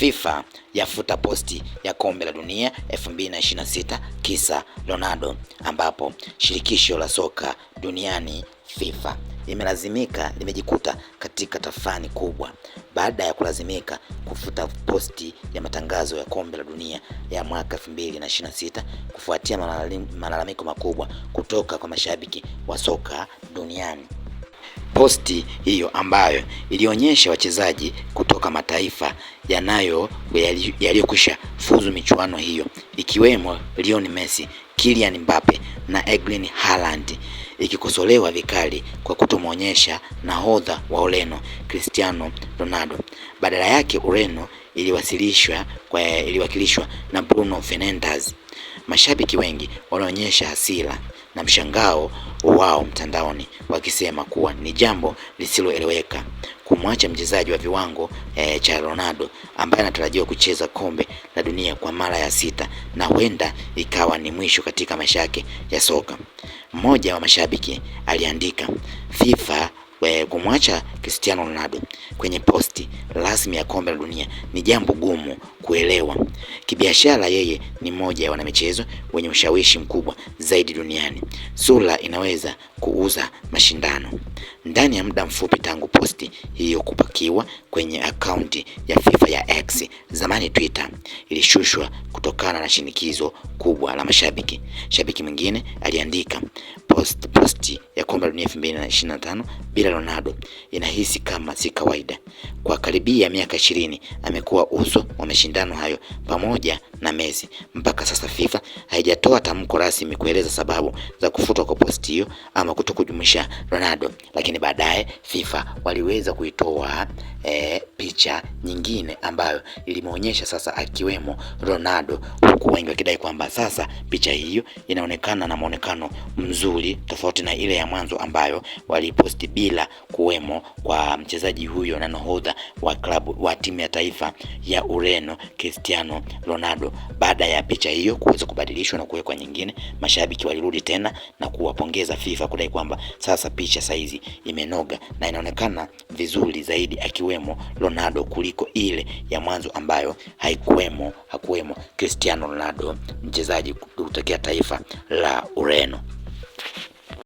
FIFA yafuta posti ya kombe la dunia 2026 kisa Ronaldo, ambapo shirikisho la soka duniani FIFA imelazimika limejikuta katika tafani kubwa baada ya kulazimika kufuta posti ya matangazo ya kombe la dunia ya mwaka 2026 kufuatia malalamiko makubwa kutoka kwa mashabiki wa soka duniani posti hiyo ambayo ilionyesha wachezaji kutoka mataifa yanayo yaliyokwisha fuzu michuano hiyo ikiwemo Lionel Messi, Kylian Mbappe na Erling Haaland ikikosolewa vikali kwa kutomwonyesha nahodha wa Ureno Cristiano Ronaldo. Badala yake Ureno iliwasilishwa kwa iliwakilishwa na Bruno Fernandes. Mashabiki wengi wanaonyesha hasira na mshangao wao mtandaoni wakisema kuwa ni jambo lisiloeleweka kumwacha mchezaji wa viwango e, cha Ronaldo ambaye anatarajiwa kucheza kombe la dunia kwa mara ya sita na huenda ikawa ni mwisho katika maisha yake ya soka. Mmoja wa mashabiki aliandika, FIFA Eh, kumwacha Cristiano Ronaldo kwenye posti rasmi ya kombe la dunia ni jambo gumu kuelewa. Kibiashara, yeye ni mmoja ya wanamichezo wenye ushawishi mkubwa zaidi duniani. Sura inaweza kuuza mashindano. Ndani ya muda mfupi tangu posti hiyo kupakiwa kwenye akaunti ya FIFA ya X, zamani Twitter, ilishushwa kutokana na shinikizo kubwa la mashabiki. Shabiki mwingine aliandika post posti ya kombe la dunia 2025 bila Ronaldo inahisi kama si kawaida. Kwa karibia miaka ishirini amekuwa uso wa mashindano hayo pamoja na Messi. Mpaka sasa FIFA haijatoa tamko rasmi kueleza sababu za kufutwa kwa posti hiyo ama kutokujumuisha Ronaldo, lakini baadaye FIFA waliweza kuitoa e, picha nyingine ambayo ilimuonyesha sasa akiwemo Ronaldo, huku wengi wakidai kwamba sasa picha hiyo inaonekana na muonekano mzuri nzuri tofauti na ile ya mwanzo ambayo waliposti bila kuwemo kwa mchezaji huyo na nahodha wa klabu wa timu ya taifa ya Ureno Cristiano Ronaldo. Baada ya picha hiyo kuweza kubadilishwa na kuwekwa nyingine, mashabiki walirudi tena na kuwapongeza FIFA kudai kwamba sasa picha saizi imenoga na inaonekana vizuri zaidi, akiwemo Ronaldo kuliko ile ya mwanzo ambayo haikuwemo hakuwemo Cristiano Ronaldo mchezaji kutokea taifa la Ureno.